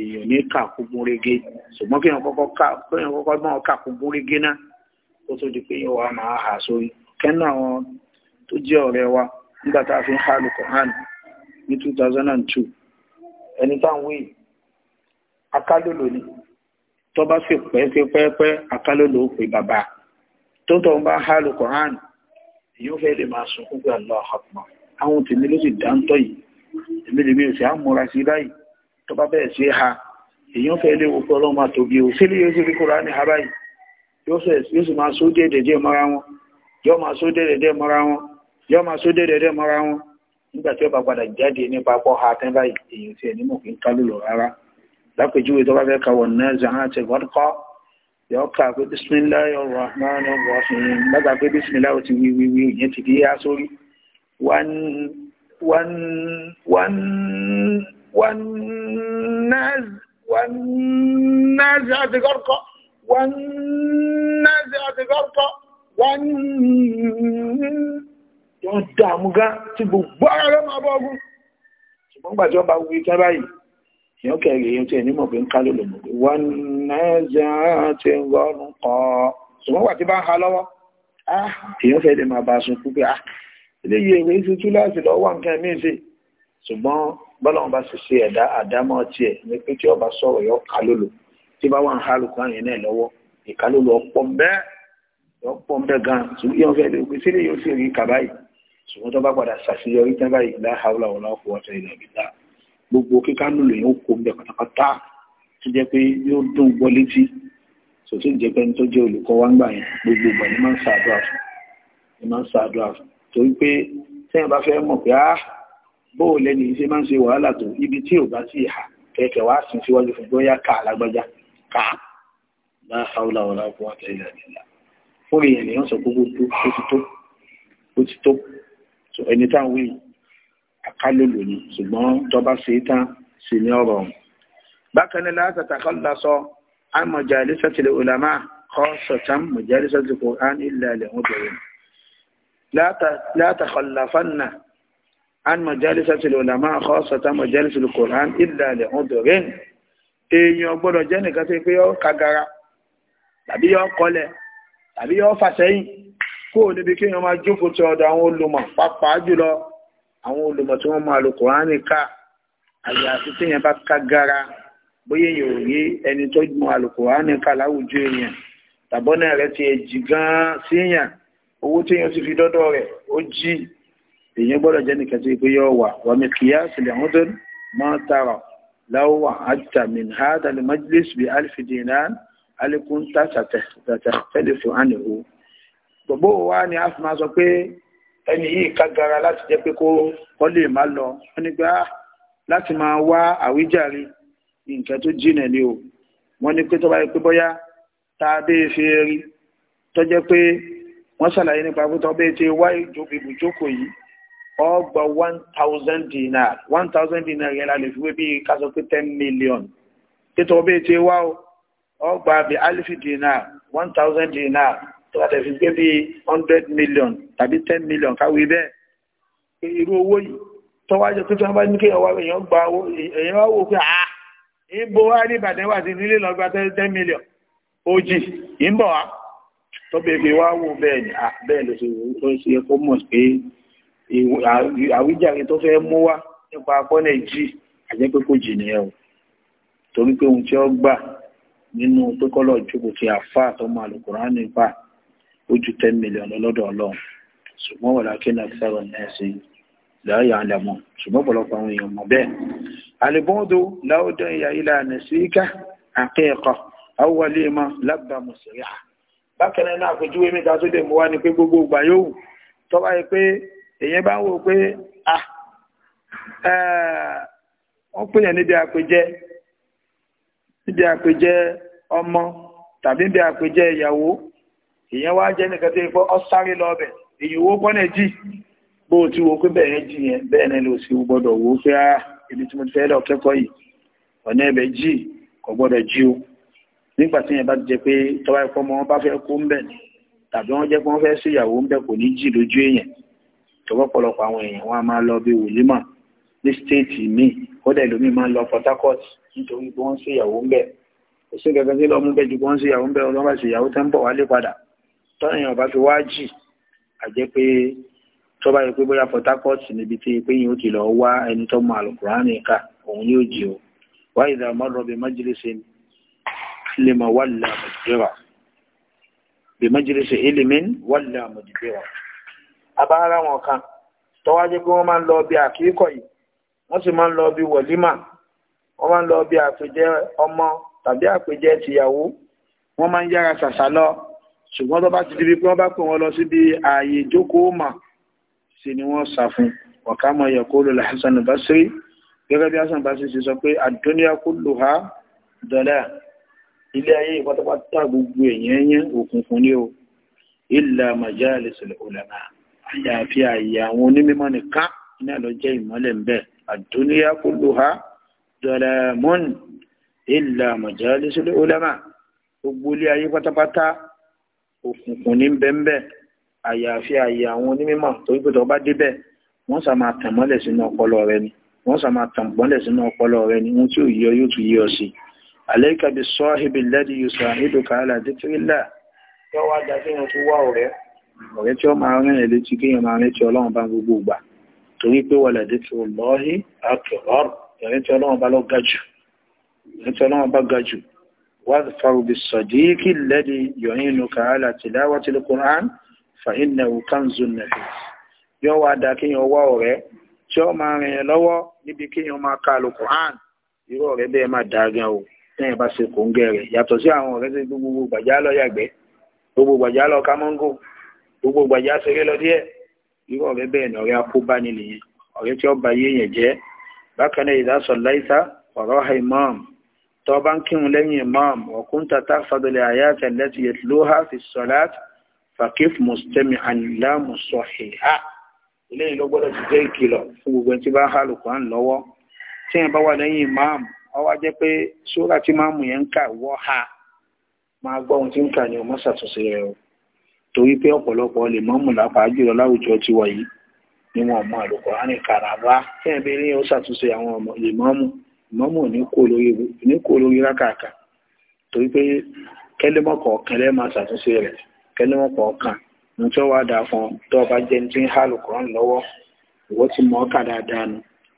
èèyàn ní kà kó gún régé ṣùgbọ́n kọ́kọ́ kà kó gún régé náà kó tó di pé yóò wá máa hà sórí kẹ́nà àwọn tó jẹ́ ọ̀rẹ́ wa nígbà tá a fi ń ha lùkọ̀ hàn ní 2002 ẹni táwọn wí akálòlò ni tó bá sì pẹ́ sí pẹ́ẹ́pẹ́ akálòlò ó pe bàbá tó tọ̀ ń bá ha lùkọ̀ hàn èyí ó fẹ́ lè máa sùn fún gbàlọ́ àpapọ̀ àwọn tèmi ló sì dáńtọ́ yìí èmi lè bí o sì á múra sí báyìí tó bá bẹ̀rẹ̀ sí ha èyí ó fẹ́ lè wo pé ọlọ́run máa tóbi o sílé yóò sì rí kóra ní ha báyìí yóò sì máa só dédédé mọ́ra wọn yóò máa só dédédé mọ́ra wọn yóò máa só dédédé mọ́ra wọn nígbà tí padà jáde nípa pọ́ ha tẹ́ báyìí èyí tí ẹni mò kí ń kálù lọ rárá lápèjúwe tó bá fẹ́ kàwọ̀ náà zàhán àti ìwọ́dúkọ́ yóò kà pé bísímíláì ọ̀rọ̀ àmọ́ràn ọ̀rọ̀ ọ̀sìn lágbà pé bísímíláì ò ti wí wí wí ìyẹn ti di yá sórí wọ́n náà zàhán àti ìwọ́dúkọ́ والنازعات غرقا wọ́n dàmú gá tí gbogbo ara rẹ̀ máa bọ́ ọgbọ́n ṣùgbọ́n gbàjọ́ bá wí tẹ́ báyìí yóò kẹrì èyàn tí ẹni mọ̀ pé ń ká ló lòmọ̀ pé wọ́n náà ti ń rọrùn kọ́ ṣùgbọ́n wà tí bá ń ha lọ́wọ́ èyàn fẹ́ lè máa bá sun kú pé sì ṣe ẹ̀dá àdámọ́ tiẹ̀ ní pé tí ọba sọ̀rọ̀ yọ ká tí bá wà ń ha lùkọ́ àyàn náà lọ́wọ́ ìka lọ pọ̀ bẹ́ẹ̀ lọ pọ̀ bẹ́ẹ̀ gan ṣùgbọ́n yóò fẹ́ lè pè sílé yóò sì rí kàbá yìí ṣùgbọ́n tó bá padà ṣàṣeyọrí tán báyìí láhàúlà wọn láwọn fọwọ́ tẹ ìlànà ìlà gbogbo kíká lùlù yóò kó bẹ́ẹ̀ pátápátá tó jẹ́ pé yóò dùn gbọ́ létí sòtú jẹ́ pé ní tó jẹ́ olùkọ́ wá ń gbà yẹn gbogbo ìgbà ni máa ń ṣàdúrà fún ni máa ń ṣàdúrà fún torí pé sẹ́yìn bá fẹ́ mọ̀ pé áá ah, bóò lẹ́ni iṣẹ́ máa ń ṣe wàhálà tó ibi tí ò bá sí ìhà kẹ̀kẹ́ wàá sìn síwájú fún bóyá ká alágbájá ká láhàúlà ọ̀la ọkọ̀ àti ilẹ̀ ìlà fún èèyàn lèyàn sọ gbogbo tó ó ti tó so ẹni tá à ń wí àkálòlò ni ṣùgbọ́n tọ́ba ṣe é tán sí ní ọ̀rọ̀ ọ̀hún. bákan náà láti àtàkọ́ lọ sọ àmọ̀jà ìlẹ́sẹ̀tìlẹ̀ ulama kọ́ sọ̀tàn mọ̀jà ìlẹ́sẹ̀tìlẹ̀ Qur'an ilẹ̀ ilẹ̀ wọn bẹ̀rẹ̀ látàkọ̀láfánà àmọ̀jà ìlẹ́sẹ̀tìlẹ̀ ulama kọ́ sọ̀tàn mọ̀jà ìlẹ́sẹ̀tìlẹ̀ Qur'an ilẹ̀ ilẹ̀ wọn bẹ̀rẹ̀ èèyàn gbọ́dọ̀ jẹ́ nìkan tó pé yọ́ kagara tàbí yọ́ kọlẹ̀ tàbí yọ́ fàsẹ́yìn kó níbi kí èèyàn máa jókòó ti ọ̀dọ̀ àwọn olùmọ̀ pàápàá jùlọ àwọn olùmọ̀ tí wọ́n máa lo kòránì ká àyàfi tí èèyàn bá kagara bóyá èèyàn ò rí ẹni tó mọ̀ àlùkòránì ká láwùjọ èèyàn tàbọ́nà rẹ̀ ti jì gan-an sí èèyàn owó tí èèyàn ti fi dọ́dọ̀ rẹ̀ ó jí èèyàn gbọ́dọ̀ jẹ́ nìkan tó pé yọ́ wà wàmí kìí لو وعدت من هذا المجلس بألف دينار هل كنت تختلف عنه gbogbo wa ni a fi máa sọ pé ẹni yìí kágara láti jẹ́ pé kó lè má lọ wọ́n ní pé á láti máa wá àwíjàre nǹkan tó jìnà ni o wọ́n ní pé tó bá yẹ pé bóyá tá a dé fi rí tó jẹ́ pé wọ́n ṣàlàyé nípa pé tó bẹ́ẹ̀ ti wá ọgbà one thousand dinar one thousand dinar yẹn la lè fi wé bíi ká pé ten million tètò ọbẹ̀ tí wá o ọgbà bíi alifi dinar one thousand dinar tó bá tẹ̀ fi gbé bíi hundred million tàbí ten million káwé bẹ́ẹ̀ irú owó yìí tọ́wájọ́ tó tí wọ́n bá ní kí ọwọ́ èèyàn gba owó èèyàn wá wò pé àá ìbò wá ní ìbàdàn wà sí nílé lọ́gbà ten million ojì ìbọ̀ wá tọ́bẹ̀ẹ́gbẹ̀ wá wò bẹ́ẹ̀ ni bẹ́ẹ̀ ló ṣe kó mọ̀ pé àwíjàre tó fẹ́ mú wá nípa apọ́nà ìjì àjẹ́ pé kò jìnnà ẹ̀ o torí pé ohun tí ó gbà nínú pé kọ́lọ̀ jókòó ti àfà àtọmọ àlùkùránì nípa ó ju ten million lọ́dọ̀ ọlọ́run ṣùgbọ́n wọ̀lá kí náà sẹ́wọ̀n náà ṣe láàyè àlẹ́mọ̀ ṣùgbọ́n ọ̀pọ̀lọpọ̀ àwọn èèyàn mọ̀ bẹ́ẹ̀. àlebọ́dọ̀ láwùjọ ìyá ilẹ̀ ànẹ́síríkà àkẹ́ẹ̀kọ́ àwọlé mọ́ lábà mùsùlùmí. bákan náà àpèjúwe mi ta tó lè mú wá ni pé gbogbo ìgbà yóò tọ́ báyìí pé èyàn bá ń wò pé ah wọ́n pèyàn níbi àpèjẹ níbi àpèjẹ ọmọ tàbí níbi àpèjẹ ìyàwó èyàn wá jẹ́ nìkan tó fọ́ ọ́sáré lọ́ọ̀bẹ̀ èyí owó pọ́nẹ̀ jì bó o ti wo pé bẹ́ẹ̀ jì yẹn bẹ́ẹ̀ náà ló sì gbọ́dọ̀ wo pé ah ibi tí mo ti fẹ́ lọ kẹ́kọ̀ọ́ yìí ọ̀nà ẹ̀bẹ̀ jì kò gbọ́dọ̀ jí o nígbà tí yẹn bá ti jẹ pé tọ́wá wọn bá fẹ́ kú ń bẹ̀ tàbí wọ́n jẹ́ pé wọ́n fẹ́ sí ìyàwó ń bẹ̀ kò ní jì lójú èèyàn tọwọ́pọ̀lọpọ̀ àwọn èèyàn wọn a máa lọ bí wòlímà ní stéètì míì kódà ìlú míì máa ń lọ Port Harcourt nítorí pé wọ́n ń ṣèyàwó ń bẹ̀ kò sí gẹ́gẹ́ sí lọ́mú bẹ́ẹ̀ ju pé wọ́n ń ṣèyàwó ń bẹ̀ ọlọ́mọ ṣèyàwó tẹ́ ń bọ̀ wálé padà tọ́nà èèyàn bá fi wá jì àjẹ́ pé tó bá yẹ pé bóyá Port Harcourt níbi tí pé yìí ó ti lọ wá ẹni tó mọ àlùkùrán nìka òun yóò jì ó wáyé ìdá mọ́rọ̀ bí májèlésì lè mọ̀ wálé àmọ̀dìbẹ́wà bí májèlésì élémẹ́ni wálé àmọ̀dìbẹ́wà àbára wọn kan tọ́wájú pé wọ́n máa ń lọ bí àkíkọ̀ yìí wọ́n sì máa ń lọ bí wọ̀límà wọ́n máa ń lọ bí àpèjẹ ọmọ tàbí àpèjẹ tìyàwó wọ́n máa ń yára ṣàṣà lọ ṣùgbọ́n tó bá ti di bí pé wọ́n bá pè wọ́n lọ síbi ààyè ìjókòó mà sí ni wọ́n ṣàfún ọ̀kámọ̀ yẹ̀kóòlù làhásán basiri gẹ́gẹ́ bí hasan basiri ṣe sọ pé àdúnyà kulluha dọ̀lẹ́ ilé ayé ìpátápátá gbogbo èèyàn yẹn òkùnkùn ní o illa majalisul ulama àyàfi àyè àwọn onímọ̀ nìkan iná lọ jẹ́ ìmọ́lẹ̀ ń bẹ àdúnyá kulluha dalamun illa majalisul ulama gbogbo ilé ayé pátápátá òkùnkùn ní bẹ́ńbẹ́ àyàfi àyè àwọn onímọ̀ torí pé tó bá débẹ̀ wọ́n sà máa tàn mọ́lẹ̀ sínú ọpọlọ rẹ ni wọ́n sà máa tàn mọ́lẹ̀ sínú ọpọlọ rẹ ni ohun tí ò yí yóò tún yí ọ sí i alayka bis sahibi alladhi yusahiduka ala dhikrillah yọ wá dájú ní o wá ọ̀rẹ́ ọ̀rẹ́ tí ó máa rìn rìn létí kí èèyàn máa rìn tí ọlọ́run bá gbogbo ìgbà torí pé wọlé dé tí ó lọ́ọ́hí àkẹ́rọ́r ọ̀rẹ́ tí ọlọ́run bá lọ ga jù ọ̀rẹ́ tí ọlọ́run bá ga jù wá farubi sọ̀díkì lẹ́dí yọ̀yìn inú kàálà tìláwà tí ló kún án fàyín nà kò ń gẹ̀rẹ̀ yàtọ̀ sí àwọn ọ̀rẹ́ gbogbo gbàjá yàgbẹ́ gbogbo gbàjá lọ gbogbo gbàjá ṣeré lọ díẹ̀ irú ọ̀rẹ́ bẹ́ẹ̀ ni ọ̀rẹ́ akóbáni nìyẹn ọ̀rẹ́ tí ó ba yé èèyàn jẹ́ bákan náà ìdásọ̀ láìsá ọ̀rọ̀ ha imam tó bá ń kírun lẹ́yìn imam ọ̀kúńtà tá fadọlẹ̀ àyà tẹ̀lẹ́tì yẹtlóhà fi sọ̀láàt fàkíf mùsùlùmí àníláàmù sọ̀hìhà eléyìí ló gbọ́dọ̀ ti jẹ́ ìkìlọ̀ fún gbogbo ẹni tí bá ń hàlù kan lọ́wọ́ tí yẹn bá wà lẹ́yìn imam ó wá pé sóra tí máàmù yẹn ń kà wọ́ ha máa gbọ́ ohun tí ń kà ní ọmọ ṣàtúnṣe rẹ̀ o torí pé ọ̀pọ̀lọpọ̀ lè mọ́mù lápá jùlọ láwùjọ ti wà yìí ni wọn mọ àlùkùránì kàràbá fẹ́ẹ̀bí ní ó ṣàtúnṣe àwọn ọmọ lè mọ́mù mọ́mù ní kó lórí rákàkà torí pé kẹ́lẹ́mọ̀ kọ̀ọ̀kan lẹ́ẹ̀ máa ṣàtúnṣe rẹ̀ kẹ́lẹ́mọ̀ kọ̀ọ̀kan ní tí ó wá dáa fún tó ọba jẹ́ ti ń há àlùkùránì lọ́wọ́ ìwọ́ ti mọ̀ ọ́kà dáadáa nu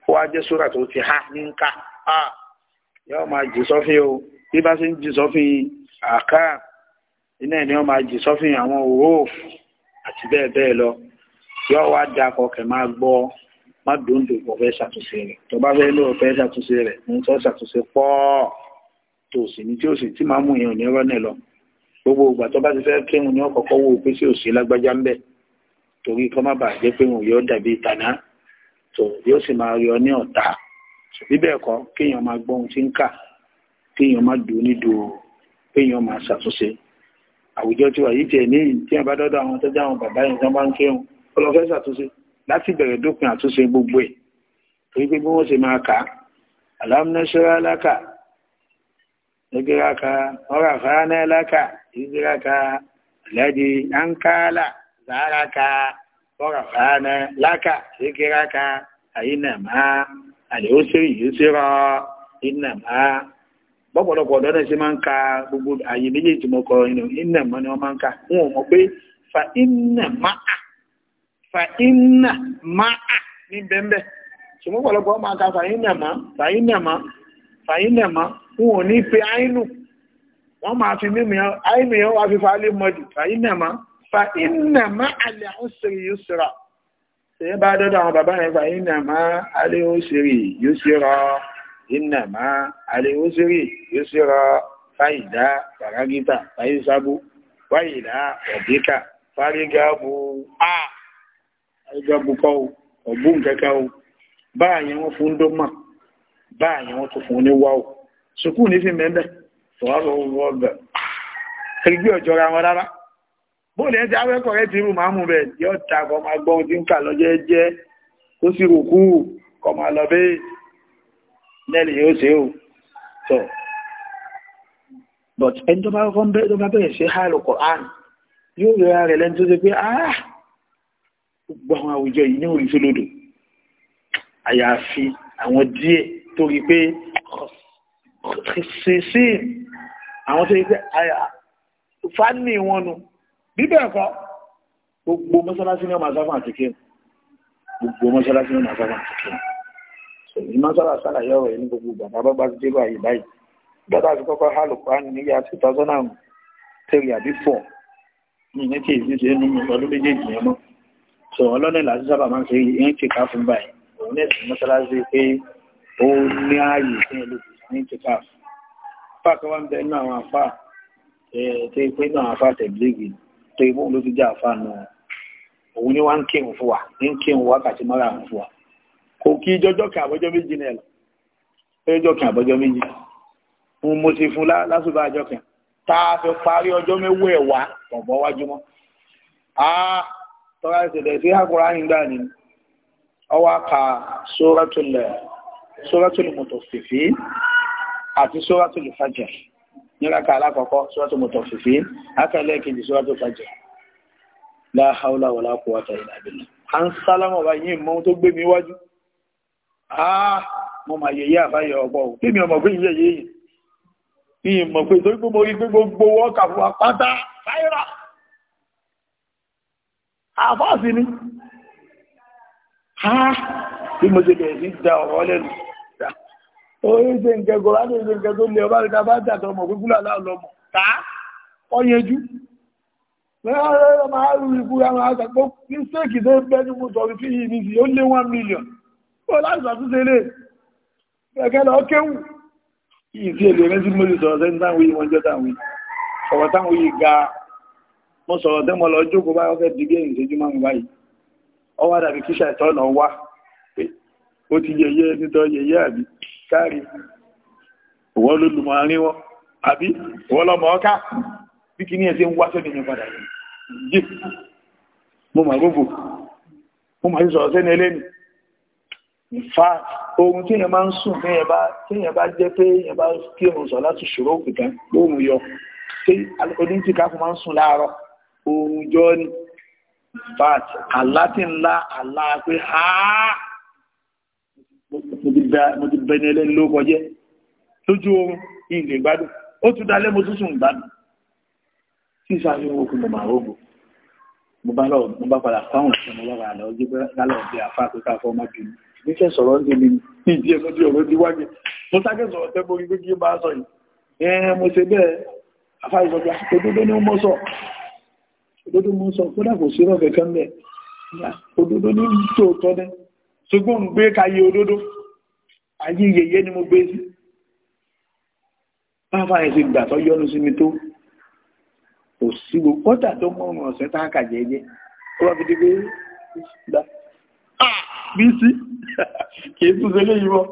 ó wá jẹ́ sóra tó ti há ní ká ah! yóò máa jì sọ́fín o bí bá ṣe ń jì sọ́fín àkáà iná ẹ̀ ni wọ́n máa jì sọ́fìn àwọn òwò àti bẹ́ẹ̀ bẹ́ẹ̀ lọ yóò wá da kọkẹ̀ máa gbọ́ má dòńdò kò fẹ́ ṣàtúnṣe rẹ̀ tó bá fẹ́ lóò fẹ́ ṣàtúnṣe rẹ̀ ń tọ́ ṣàtúnṣe pọ́ tó sì ní tí ó sì tí máa mú èèyàn ní rọ́nẹ̀ lọ gbogbo ìgbà tó bá ti fẹ́ kírun ní ọ̀kọ̀ọ̀kọ́ wo pé sí òsì lágbájá ń bẹ̀ torí kọ́ má bàa jẹ́ pé òun yóò dàbí ìtànà tó yóò sì máa rí ní ọ̀tá bí bẹ́ẹ̀ kéèyàn máa gbọ́ ohun tí ń kà kéèyàn má dùn nídùú kéèyàn máa ṣàtúnṣe àwùjọ tiwa yìí tiẹ̀ ní tí a bá dọ́dọ̀ àwọn tó dáhùn bàbá yẹn tán bá ń kírun ọlọ́fẹ́ ṣàtúnṣe láti bẹ̀rẹ̀ dópin àtúnṣe gbogbo ẹ̀ torí pé bí wọ́n ṣe máa kà á alámúnáṣẹ́rá lákà ẹgbẹ́ráka ọ̀rọ̀ àfáàná lákà ìgbẹ́ráka àlẹ́dí àǹkálà záraka ọ̀rọ̀ àfáàná lákà ìgbẹ́ráka àyínàmá àlẹ́ ṣe ìyóṣèrọ̀ ìnàmá bọ́pọ̀lọpọ̀ ọ̀dọ́ náà ṣe máa ń ka gbogbo àyè méjèèjì mọ́ kọ inú iná mọ́ ni wọ́n máa ń ka wọn ò mọ̀ pé fa iná máa fa iná máa ní bẹ́ńbẹ́ ṣùgbọ́n pọ̀lọpọ̀ máa ka fa iná máa fa iná máa fa iná máa wọn ò ní pe àínú wọ́n máa fi mímu yẹn àínú yẹn wá fi fa alẹ́ mọ́dù fa iná máa fa iná máa alẹ́ usri yusra ṣèyí bá dọ́dọ̀ àwọn bàbá yẹn fa iná máa alẹ́ usri ìnàmá àlewósírì yósírọ fáyidá fàrágítà fáyísábù fáyidá ọ̀díkà fárígábù a fárígábù kọ́ o ọ̀gbùn kẹ́kẹ́ o báà yẹn wọ́n fún dọ́mà báà yẹn wọ́n tún suku ní wá o sùkúù ní sí mẹ́bẹ̀ tọ́wọ́ wọ́n bẹ̀ ẹgbẹ́ ọ̀jọ́ra wọn rárá bóòlù ẹ̀ tí awẹ́kọ̀ rẹ̀ ti rú màámu rẹ̀ yóò ta kọ́ máa gbọ́n tí ń kà lọ́jẹ́ jẹ́ ó sì rò kú kọ́ máa lọ lẹ́lẹ̀ yóò ṣe ó tọ̀ but ẹni tó bá kọ́ tó bá bẹ̀rẹ̀ ṣe hálò Qur'an yóò rẹ̀ rẹ̀ lẹ́ni tó ṣe pé ah gbogbo àwọn àwùjọ yìí ní orí tó lòdò àyàfi àwọn díẹ̀ tó rí pé ṣìṣì àwọn tó rí pé fánì wọn nu bíbẹ̀ ẹ̀kọ́ gbogbo mọ́sálásí ní ọmọ àsáfà àti kéwù gbogbo mọ́sálásí ní ọmọ àsáfà àti kéwù sèyí máa sábà ṣàlàyé ọ̀rọ̀ yìí ní gbogbo ìgbà bàbá bá ti dé báyìí báyìí gbọ́dọ̀ àti kọ́kọ́ hálò kúránì níyà two thousand and three àbí four ní ní kí èyí ṣe é nínú ọdún méjèèjì yẹn mọ́ sọ ọlọ́nà ìlàsí sábà máa ń ṣe èyí ti ká fún báyìí òun náà sì mọ́ṣáláṣí pé ó ní ààyè fún ẹlòmíràn ní ti fún apá kan wá ń bẹ inú àwọn afá kò kí jọjọ́ kí àbọ́jọ́ méjì náà lọ ẹjọ́ kí àbọ́jọ́ méjì mo ti fún lásùbà àjọ kan tá a fi parí ọjọ́ mẹ́wọ́ ẹ̀ wá ọ̀bọ̀ wájú mọ́ a tọ́ra ìṣẹ̀lẹ̀ sí àkùrá ìgbà ni ọwọ́ ka sóràtúlẹ̀ mọ̀tòfìfì àti sóràtúlẹ̀ fàjẹ̀ níraka alákọ̀ọ́kọ́ sóràtúlẹ̀ mọ̀tòfìfì akẹ́lẹ́ kejì sóràtúlẹ̀ fàjẹ̀ la hawla wala quwwata illa billah à ń sálámọ̀ báyìí mọ́ tó gbé mi wájú àá ah, mo máa yẹ̀yẹ́ àbáyọ ọgbọ́ ò kí mi ọmọ pé yẹ́ yẹ́ yìí ní ìmọ̀ pé tó gbogbo orí pé gbogbo ọkà fún apáta fáírà àfáàsì ni ha bí mo ṣe bẹ̀rẹ̀ sí da ọ̀rọ̀ lẹ́nu orí ṣe nǹkan gọ́rọ̀ á ní ìṣe nǹkan tó lè ọba rẹ̀ bá jà tọmọ pé gúlà láàlọ́mọ̀ tá ọ yẹjú mẹ́rin ọmọ arúgbó ìfúra máa sàpọ̀ ní sẹ́ẹ̀kì tó bẹ́ẹ̀ ní mo sọ̀rọ̀ sí yìí ní sí ó lé 1 million ó láti ṣàtúnṣe lè gẹ́gẹ́ lọ kéwù ìsí èlè rẹ̀ sí mo lè sọ̀rọ̀ sẹ́ni táwọn yìí wọ́n jẹ́ táwọn yìí ọ̀rọ̀ táwọn yìí ga mo sọ̀rọ̀ tẹ́ mo lọ jókòó báyọ̀ fẹ́ di bí ẹ̀yìn ìṣẹ́jú máa ń báyìí ọwọ́ dàbí kíṣà ìtọ́nà wá ó ti yẹyẹ nítorí yẹyẹ àbí káàrí ìwọ́n ló lùmọ̀ àárín wọn àbí ìwọ́n lọ́mọ ọ́ká bí kí ní ẹ̀sẹ̀ ń wá sẹ́ni mi padà yìí mo mà gbogbo mo mà sí sọ̀rọ̀ sẹ́ni ẹlẹ́ni ìfà ohun tí yẹn máa ń sùn tí yẹn bá jẹ́ pé yẹn bá kí oòrùn sọ láti ṣòro ìgbà oòrùn yọ tí oníntìká fún máa ń sùn láàárọ̀ oòrùn jọ ni fat àlá tí ńlá àlá pé ha mo ti bẹni ẹlẹ́ni ló kọjẹ́ lójú oorun ilẹ̀ ìgbádùn ó tún dalẹ́ mo tún sùn ìgbádùn tí ìsàfihàn okùn mo máa rògbò mo bá padà fáwọn ìṣẹ́ mo bá padà lọ gbé lálọ́ bí afá pé káfọ́ ọmọ bìnrin níkẹ́ sọ̀rọ̀ ní mi ìdí ẹ̀sọ́ tí ọ̀rọ̀ ti wáyé mo sáké sọ̀rọ̀ tẹ́ mo rí pé kí n bá sọ yìí ẹ̀ẹ́n mo ṣe bẹ́ẹ̀ afáìsọ̀gbà òdodo ni mo sọ òdodo mo sọ kódà kò sí rọ̀fẹ̀ kan bẹ́ẹ̀ òdodo ní tòótọ́ dẹ́ ṣùgbọ́n ń gbé kayé òdodo ayé yẹyẹ ni mo gbé sí báfa ẹ̀ ṣe gbà tó yọnu sí mi tó kò sí gbogbo kọ́tà tó mọ̀ ọ̀sẹ̀ tá a kà jẹ́jẹ́ ó wá fi dé pé bí sí kìí tún ṣe léyìn wọ́n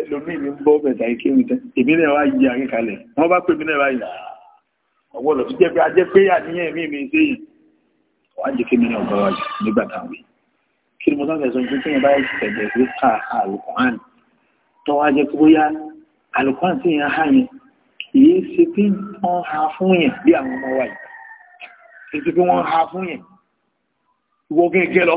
ẹlòmí mi ń bọ́ bẹ̀tà ìkéwì tẹ́ èmi náà wá yí àrí kalẹ̀ wọ́n bá pè mí náà báyìí ah, ọwọ́ lọ sí jẹ́ pé ajẹ́ pé àníyàn mi mi ṣe yìí wọ́n á jẹ́ kí mi náà bọ́ wájú nígbà táwọn kí ni mo sáfẹ́ sọ pé kí wọ́n bá tẹ̀lé sí ká àlùkùnrin tó wá jẹ́ pé bóyá àlùkùnrin sì yẹn há yẹn kìí ṣe pé wọ́n ha fún yẹn bí àwọn ọmọ wa yìí kìí ṣe pé wọ́n ha fún yẹn ìwọ gẹ́gẹ́ lọ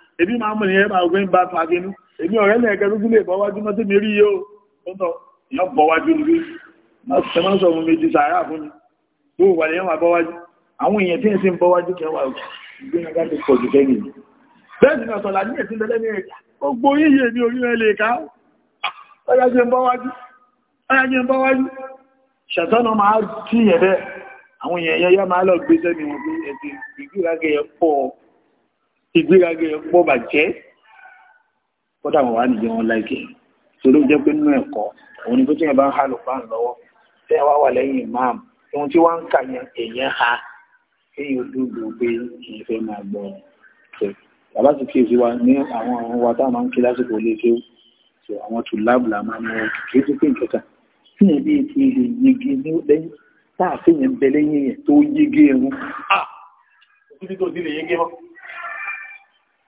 ebi máa mọ̀ nìyẹn máa gbẹ́yìn bá tún agẹnú èmi ọ̀rẹ́ lẹ́ẹ̀kẹ́ lójú lè bọ́ wájú mọ́ tí mi rí yé o tó tọ̀ yọ bọ́ wájú rí tẹ́mọ́ sọ fún mi ti sàárà fún mi tó wà lẹ́yìn wà bọ́ wájú àwọn èèyàn tí ń sin bọ́ wájú kẹwàá gbẹ́yìn ti pọ̀ jù kẹ́yìn bẹ́ẹ̀ sì sọ̀tọ̀ là ní ẹ̀sìn lẹ́lẹ́ ní ẹ̀ka gbogbo yíyẹ ní orí rẹ̀ lè ká ọyá jẹ́ ń bọ́ wájú ṣàtọ́nà máa tí ìyẹ̀ bẹ́ẹ̀ àwọn èèyàn yẹ́ máa lọ gbé sẹ́mi wọn pé ẹ̀sìn ìgbìyànjẹ́ pọ̀ ìgbéraga ẹ̀ pọ̀ bàjẹ́ kódà wọn wà nìyẹn wọn láìkẹ́ torí ó jẹ́ pé nínú ẹ̀kọ́ òun ni pété yẹn bá ń ha lùpá ń lọ́wọ́ tẹ́ ẹ wá wà lẹ́yìn imam ohun tí wọ́n ń kà yẹn èèyàn ha kéèyàn dúdú pé kì í fẹ́ máa gbọ́ bàbá ti kíyèsí wa ní àwọn àwọn wa tá máa ń kí lásìkò ilé tó so àwọn tù láàbù là máa ń mọ kì í ti pé nǹkan kan tí yẹn bí ti lè yege ní lẹ́yìn tá a yẹn bẹ lẹ́yìn yẹn tó yege ẹ̀hún ah òtútù tó ti lè yege mọ́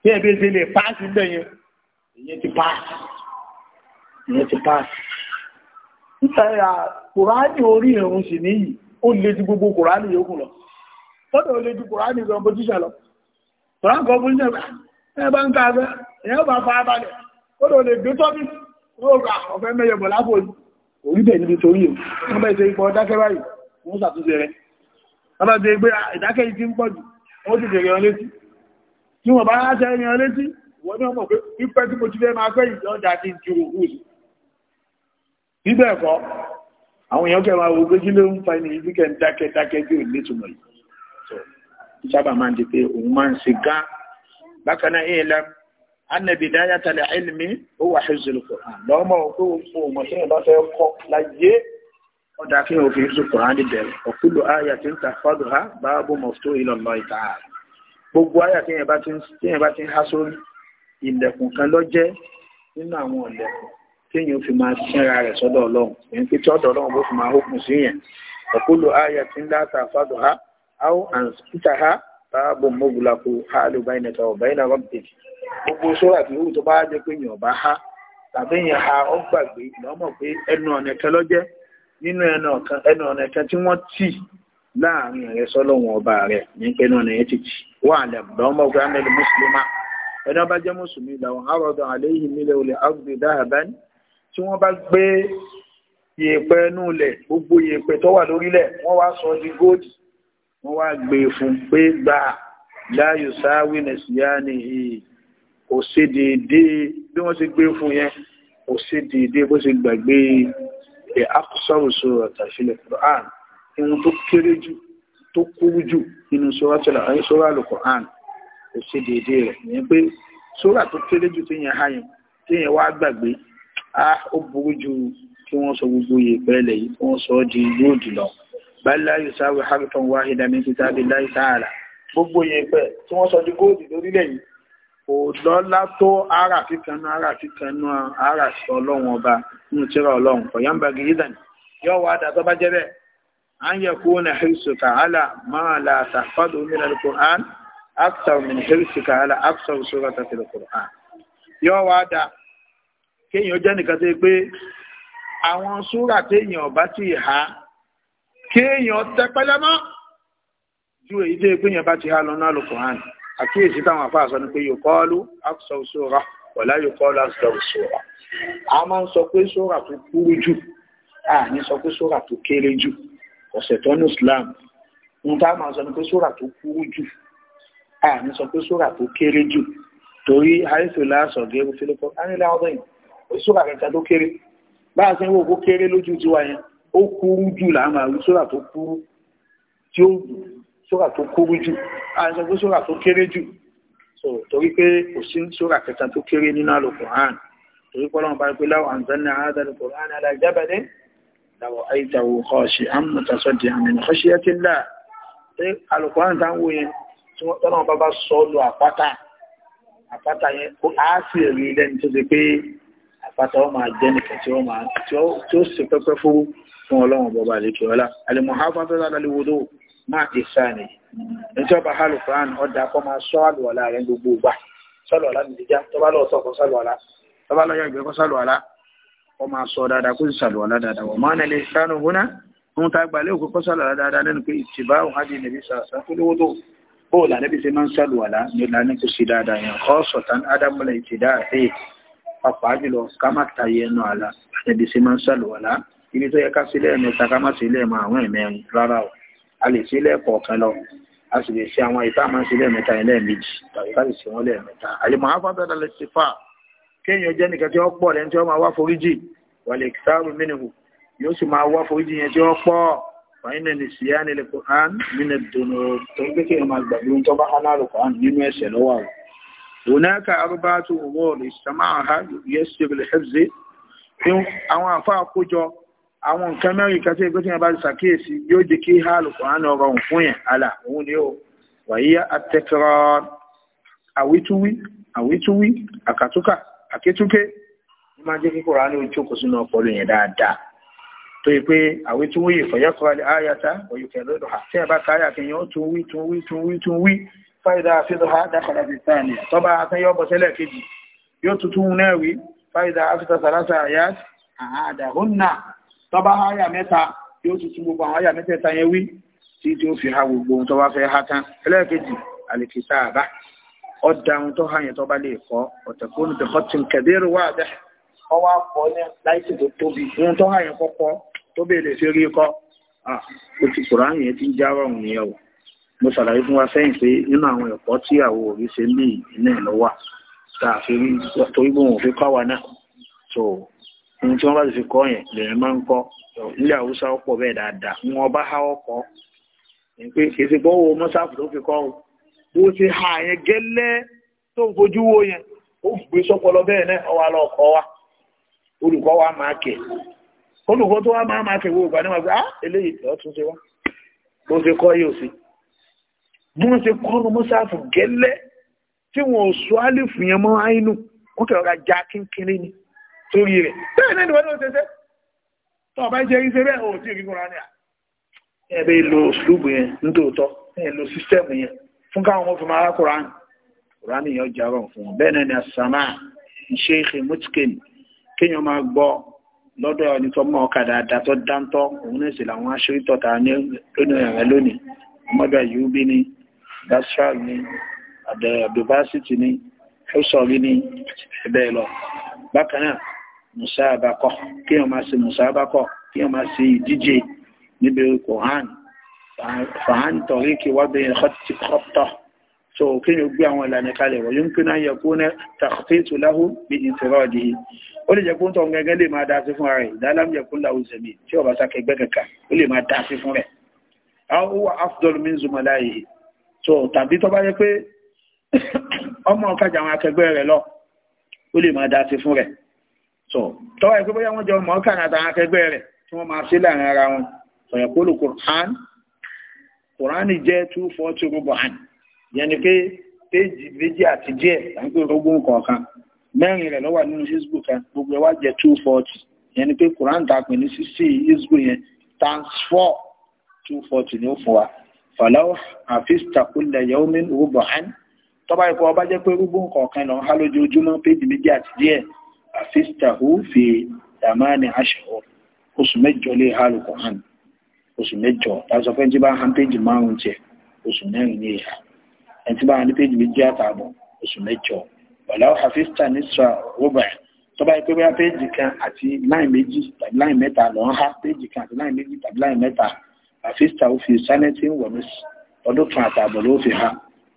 bí ẹ̀bí ṣe lè páàsì bẹ̀ yẹn ìyẹn ti páàsì ìyẹn ti páàsì nítorí kùránì orí ìrùn sì níyì ó lè ju gbogbo kùránì yòókù lọ fọ́dọ̀ ó lè ju kùránì kọmpútíṣà lọ kùránì kọmpútíṣà ẹ bá ń ká abẹ́ ẹ̀yẹ́ bá fa abalẹ̀ fọ́dọ̀ ó lè gbé tọ́bí róga ọ̀fẹ́ mẹ́yẹ̀bọ̀ lápò orí bẹ̀ níbi torí ò tí wọ́n bá ráṣẹ́ ẹni ọ létí wọ́n ní ọmọ pé pípẹ́ tí mo ti fẹ́ máa fẹ́ ìjọ ọjà kí n ju òkú sí níbẹ̀ ẹ̀kọ́ àwọn èèyàn kẹwàá wo pé ń fa ẹni ìdí kẹ ń dákẹ́ dákẹ́ bí ò létùmọ̀ yìí so sábà máa ń di pé òun máa ń ṣe gán bákan náà èèyàn lẹ́m annabi dáyà talẹ̀ ilmi ó wà hizul Qur'an lọ́mọ pé òun mọ̀ sí ìbá fẹ́ kọ́ láyé ọ̀dà kí òfin hizul Qur'an bẹ̀rẹ̀ ọ̀kúlù ayà tí ń tàfádùn ha báàbù mọ̀tó ila Allah ta'ala gbogbo ayà téèyàn bá ti téèyàn bá ti ń há sórí ìlẹ̀kùn kan ló jẹ́ nínú àwọn ìlẹ̀kùn téèyàn fi máa sínra rẹ̀ sọ́dọ̀ ọlọ́run èyí fi tọ́dọ̀ ọlọ́run bó fi máa hókun sí yẹn ọ̀pọ̀lọ ayà tí ń láta àfádọ́ ha áwọ̀ àǹsìkítà ha báàbò mọ́gùlákù ha ló bá ìnẹ̀ta ọ̀bá ìnà rọ́bìtì gbogbo sóra tí ó tó bá jẹ́ pé yàn bá ha tàbí yàn ha ó gbàgbé lọ́mọ̀ pé ẹnu ọ̀nà kan lọ́jẹ́ nínú ẹnu ọ̀nà kan tí wọ́n tì láàrin rẹ sọlọ́wọ́n ọba rẹ ní pẹ́ẹ́nù ní etiti wà lẹ́bùdọ́ ọmọ ọgbà mẹ́lẹ̀ mùsùlùmá ẹni ọba jẹ́ mùsùlùmí làwọn àròdọ̀ àléhìn mílẹ̀ olè àgbè dáhàbáni tí wọ́n bá gbé yèèpẹ̀ inú ilẹ̀ gbogbo yèèpẹ̀ tó wà lórílẹ̀ wọ́n wá sọ di góòdì wọ́n wá gbé e fún pé gbà láàyò sáwì nàìjíríà nìyí kò sí déédéé bí wọ́n ti gbé e fún yẹn kò sí déédéé bó ti gbàgbé ẹ̀ e. àkọsọ̀rọ̀sọ̀rọ̀ tàfilẹ̀ Qur'an ohun tó kéré jù tó kúrú jù nínú sọ́rọ̀ eh, alukoran kò ṣe déédéé rẹ̀ ìyẹn pé sọ́rọ̀ tó kéré jù tí yẹn háyìn tí yẹn wá gbàgbé á ó burú jù kí wọ́n sọ gbogbo yìí pẹ́lẹ̀ yìí kí wọ́n sọ ọ́ di lóòdì lọ báláyò sáré harton wahida min kitabillahi ta'ala gbogbo yìí pẹ́ tí wọ́n sọ di góòdì lórílẹ̀ yìí kò lọ́lá tó ara kíkan ara kíkan ara sí ọlọ́run ọba nínú tíra ọlọ́run kọ̀yánbagi yídàn yọ wá dàtọ́ bá jẹ́ bẹ́ẹ̀ an yakuna hirsuka ala ma la tahfadu min al-Qur'an akthar min hirsika ala akthar surata fil Qur'an yóò wá dá kéèyàn jẹ́ nìkan tó pé àwọn súrà téèyàn bá ti há kéèyàn tẹpẹlẹ mọ́ ju èyí tó pé èèyàn bá ti há lọ náà al-Qur'an àkíyèsí táwọn afá sọ ni pé yuqalu akthar sura wala yuqalu akthar sura a máa ń sọ sura tó kúrú jù a ní sọ pé sura tó kéré jù ọ̀sẹ̀ tó ní Islam ohun tá a máa sọ ni pé sóra tó kúrú jù a ní sọ pé sóra tó kéré jù torí àìsílá sọ̀gẹ́ fílípọ̀ ánilá ọ̀dọ̀ yìí ó sóra kẹta tó kéré bá a ṣe ń wò ó kéré lójú tiwa yẹn ó kúrú jù là á máa rí sóra tó kúrú tí ó sóra tó kúrú jù a sọ pé sóra tó kéré jù torí pé kò sí sóra kẹta tó kéré nínú Al-Qur'an torí pé bá rí pé láwọn àǹzánná àádọ́rin kò rán ní lọ́wọ́ àìtàwò kọ́ọ̀ṣì àmútasọ́dì àmì ìkọ́ṣẹ́ tí là pé alùpùpù táwọn yẹn tí wọ́n tọ́nà bá bá sọ́ọ̀lù àpáta àpáta yẹn ó á sì rí lẹ́ni tó ṣe pé àpáta ó máa jẹ́ nìkan tí ó máa tí ó sì pẹ́pẹ́ fún fún ọlọ́run bọba àlekè ọlá alimuhafa tó dára lè wúlò máa ti sáà nì nítorí ọba alùpùpù ọ̀dà kọ́ máa sọ́ àlùwàlá rẹ̀ gbogbo gbà sọ́lọ̀ ọ̀lá kọ́ máa sọ dáadáa kó sì ṣàlùwàlá dáadáa wọ́n máa nílé sánú húnná ohun tá a gbà léwu kó ṣàlùwàlá dáadáa lẹ́nu pé ìtìbá òun hajj nìbí sàṣà tó lówó tó ó lànàbí ṣe máa ń ṣàlùwàlá ní lánà kó sì dáadáa yẹn kọ́ sọ̀tàn ádámọ́lẹ̀ ìtìdá àti pàpà jùlọ ká má ta yẹ ẹnu àlà lànàbí ṣe máa ń ṣàlùwàlá ibi tó yẹ ká sílẹ̀ mẹ́ta ká má sílẹ̀ mọ́ àwọn ẹ̀mẹ́rin rárá o a lè sílẹ̀ kọ̀ọ̀kan lọ a sì lè ṣe àwọn ìta máa ń sílẹ̀ mẹ́ta ẹlẹ́ẹ̀mejì tàbí ká lè ṣe wọ́n lẹ́ẹ̀mẹ́ta àlè kéèyàn jẹ́ nìkan tí ó pọ̀ lẹ́ni tí ó máa wá foríjì wàlẹ̀ sáàrù mínìhù yóò sì máa wá foríjì yẹn tí ó pọ̀ fàyínà ní síyá ní ilẹ̀ Qur'an nínú dùnú tó ń pé kéèyàn máa gbàgbé ohun tó bá hánà lọ Qur'an nínú ẹsẹ̀ lọ́wọ́ àwọn. hunaka arba'atu umur ijtama'aha yassiru al-hifz àwọn àfa àkójọ àwọn nǹkan mẹ́rin kan tí ìgbésẹ̀ bá ṣàkíyèsí yóò jẹ́ kí hálù Qur'an rọrùn fún yẹn àlà òun ni ó wàyí at àwítúwí àwítúwí àkàtúkà àkétúké ní máa jẹ́ kí Kùránì ó jókòó sínú ọpọlọ yẹn dáadáa tó yẹ pé àwé tún wíyè fọyọ́kọ́ ayata òyìnkẹ́ lọ́dọ̀ ha tí ẹ bá káyà kí yẹn ó tún wí tún wí tún wí tún wí fáyidà àfihàn ha dákàlà ti tàn ní tọ́ba akẹ́yọ́ bọ́ sẹ́lẹ̀ kejì yóò tuntun náà wí fáyidà àfihàn sàlásà àyà àdàhùnà tọ́ba àyà mẹ́ta yóò tuntun gbogbo àwọn àyà mẹ́tẹ̀ẹ̀ta yẹn wí tí tí ó fi ha gbogbo ohun tọ́ba ọ̀dà ohun tó hàyàn tó bá lè kọ́ ọ̀tẹ̀kùn olùdókọ́ tí ń kẹ̀dẹ́rù wà bẹ́ẹ̀ ọwọ́ akọ ní láìsí tó tóbi ohun tó hàyàn kọ́kọ́ tó bèèrè fi rí kọ́ ó ti kùrọ̀ àyàn ti ń jáwọ́ ọ̀hún yẹn o mo ṣàlàyé fún wa sẹ́yìn pé nínú àwọn ẹ̀kọ́ tí àwọ̀ òbí ṣe ní ìpínlẹ̀ lọ wà tá a fi rí torí bó wọn ò fi kọ́ wa náà so ohun tí wọ́n bá ti fi kọ́ yẹn lèèyàn máa ń kọ́ ilé Haúsá ọ̀pọ̀ bẹ́ẹ̀ dáadáa wọn bá há ọkọ̀ ní pé kì í ṣe pé wo mọ́sáàfù tó fi kọ́ o bó ṣe ha yẹn gẹ́lẹ́ tó ń fojú wo yẹn ó gbé sọ́pọlọ bẹ́ẹ̀ náà ọwà lọ kọ́ wa olùkọ́ wa máa kẹ̀ olùkọ́ tó wá máa máa kẹ̀ gbogbo àníwá pé ah eléyìí ọ̀tún ṣe wá bó ṣe kọ́ yóò sí bí wọ́n ṣe kọ́ ọmọ mọ́sáàfù gẹ́lẹ́ tí wọ́n ò sọ álìfù yẹn mọ́ àínú wọ́n kẹ̀rọ ga já kínkínní ni torí rẹ̀ bẹ́ẹ̀ náà ni wọ́n ló ṣe ṣe tó ọba jẹ́ iṣẹ́ bẹ́ẹ̀ ò tí ò kíkúnra ní à ẹ̀ bẹ́ẹ̀ lo ṣùgbọ́n yẹn nítòótọ́ ẹ̀ lo sísẹ́mù yẹn fún káwọn ọmọ fìmọ̀ arákùnrin kùránì yóò járọ̀ fún un bẹ́ẹ̀ ni àsàmà ìṣe ìṣe mutkin kéèyàn máa gbọ́ lọ́dọ̀ ẹni tó mọ̀ ọ̀kadà àdàtọ̀ dáńtọ́ òun náà sì làwọn aṣèrìtọ̀ ta lónìí ẹ̀rẹ́ lónìí ọmọdé yubi ni basral ni abdulbasiti ni ṣọ́sọ̀rí ni ẹ̀bẹ̀ lọ bákan náà musa abakọ kéèyàn máa ṣe musa abakọ kéèyàn máa ṣe ìdíje níbi Kùránì fàán tọ̀rí kí wá bẹ̀rẹ̀ kọ́tọ̀ so kí ni ó gbé àwọn ìlànà kalẹ̀ wọ̀ yóò ń pín náà yẹ kó ní tàkìtò láhù bí ìtìrọ́ọ̀dì ó lè jẹ́ kó ń tọ̀ gẹ́gẹ́ lè máa dá sí fún rẹ̀ ìdálám yẹ kó láwù zẹ̀mí tí ọba sá kẹgbẹ́ kẹka ó lè máa dá sí fún rẹ̀ àwọn afdol min zuma láàyè so tàbí tó bá yẹ pé ọmọ ọ̀kájà àwọn akẹgbẹ́ rẹ̀ lọ ó lè máa dá sí fún rẹ̀ so tọ́wọ́ yẹ pé bóyá wọ́n jọ mọ̀ọ́kà àtàwọn akẹgbẹ́ rẹ̀ tí wọ́n máa ṣe láàrin ara wọn sọ̀yẹ̀kó lù kùrán kùránì jẹ́ two forty rúbọ̀n yẹn ni pé péjì méjì àti díẹ̀ là ń pè rógún kọ̀ọ̀kan mẹ́rin rẹ̀ ló wà nínú hizbu kan gbogbo ẹ̀ wá jẹ́ two forty yẹn ni pé kùránì ta pè ní sixty hizbu yẹn times four two forty ni ó fún wa falaw àfíìsítà kúlẹ̀ yẹ́wọ́mí rúbọ̀n tọ́ba ikọ̀ ọba jẹ́ pé rúgbùn kọ̀ọ̀kan lọ há lójoojúmọ́ péjì méjì àti díẹ̀ àfíìsítà hù fi dàmáàni àṣẹwọ̀ oṣù mẹ́jọ lé hálùkọ̀ọ́nù oṣù mẹ́jọ tàbí sọfẹ́ tí bá ń han péjì márùn-ún tiẹ̀ oṣù mẹ́rin ní ìhà ẹni tí bá ń péjì méjì àtààbọ̀ oṣù mẹ́jọ ọ̀là hafista nisra robert tó bá yẹ pé bóyá péjì kan àti láì méjì tàbí láì mẹ́ta lọ́n ha péjì kan àti láì méjì tàbí láì mẹ́ta hafista ó fi sanẹ́tì wọ̀mí ọdún kan àtààbọ̀ ló fi ha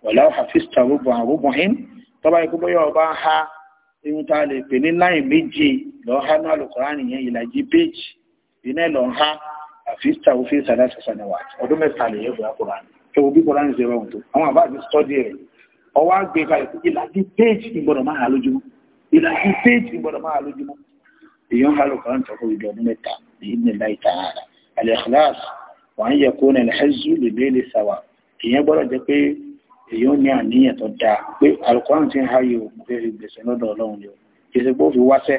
ọ̀là hafista robert robert hin tó bá yẹ pé bóyá ọba ha ihun tá a lè pè ní láì méje lọ́n ha náà lọ́kọ̀ọ́ àfi ìtàwó fi ìsàlẹ̀ àṣàṣàlẹ̀ wà ọdún mẹ́ta lè yẹ bóyá kóra ẹwọ bí kóra ń ṣe rọrùn tó àwọn àbá àti sọ́dí ẹ̀ ọwọ́ àgbẹ̀ ka ìlàjì péjì ìgbọ́dọ̀ máa hà lójúmọ́ ìlàjì péjì ìgbọ́dọ̀ máa hà lójúmọ́ èèyàn hà lókàn ń tọ́kọ̀ ìdí ọdún mẹ́ta ní ilẹ̀ láì tààrà al-ikhlas wà ń yẹ kóra ẹ̀ ẹ̀zú lè béèlè sàwà èèyàn gbọ́dọ̀ jẹ́ pé èèyàn ní àníyàn tó dáa pé alukóran ti ń ha yòó mo fẹ́ fi gbèsè lọ́dọ̀ ọlọ́run ni o ìsìnkú fi wáṣẹ́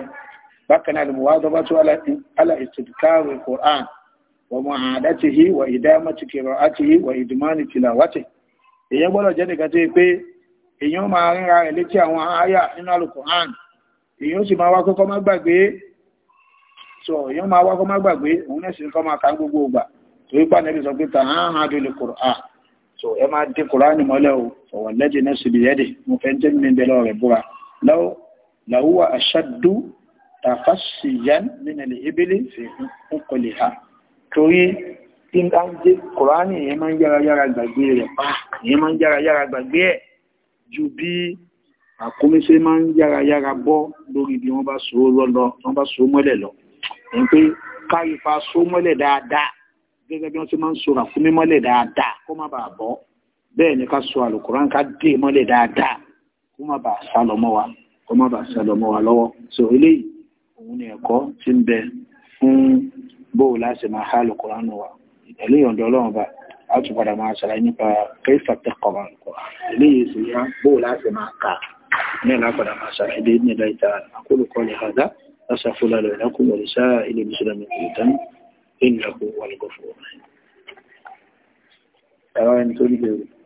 bákan náà ni mo wá ومعادته وإدامة قراءته وإدمان تلاوته èyàn gbọ́dọ̀ jẹ́ nìkan tó yẹ pé èyàn máa ríra rẹ̀ létí àwọn àyà nínú alukoran èyàn sì máa wá kọ́kọ́ má gbàgbé sọ èyàn máa wá kọ́kọ́ má gbàgbé òun so sì ń kọ́ máa ka gbogbo ògbà tó yípa nẹ́bí sọ pé ta hàn án dole koran sọ ẹ máa dé koran mọ́lẹ̀ o sọ̀wọ́ lẹ́dí náà sì bìyẹ́dì torí tí a ń dé kòránì èyàn máa ń yára yára gbàgbé rẹ̀ pa èyàn máa ń yára yára gbàgbé ẹ̀ ju bí àkómíṣe máa ń yára yára bọ́ lórí bí wọ́n bá so lọ́lọ́ wọ́n bá so mọ́lẹ̀ lọ ẹ̀yìn pé káyì fa so mọ́lẹ̀ dáadáa gẹ́gẹ́ bí wọ́n ti máa ń so ràkúnmí mọ́lẹ̀ dáadáa kó má bàa bọ́ bẹ́ẹ̀ ni ká so àlùkòrán ká dé mọ́lẹ̀ dáadáa kó má bàa sá lọ mọ́ wa kó má bàa sá lọ mọ́ wa lọ́wọ́ so eléyìí òun ni ẹ̀kọ́ ti ń bẹ fún bóò láti máa há lù kùránù wa ìtẹ̀lé ìyọ̀ǹda ọlọ́run bá a tún padà máa ṣàlàyé nípa kẹfà tẹkọ̀ọ́ eléyìí sì yá bóò láti máa kà ní ìlàpadà máa ṣàlàyé dé nílẹ̀ ìta àkólùkọ́ ní àdá lọ́sàfó lálẹ́ ìlẹ́kùn wọ̀lẹ̀ sáà ilé mùsùlùmí kò tán ìlẹ̀kùn wọ̀lẹ̀ gọ́fọ̀ ẹ̀rọ ẹni tó ní bẹ̀rẹ̀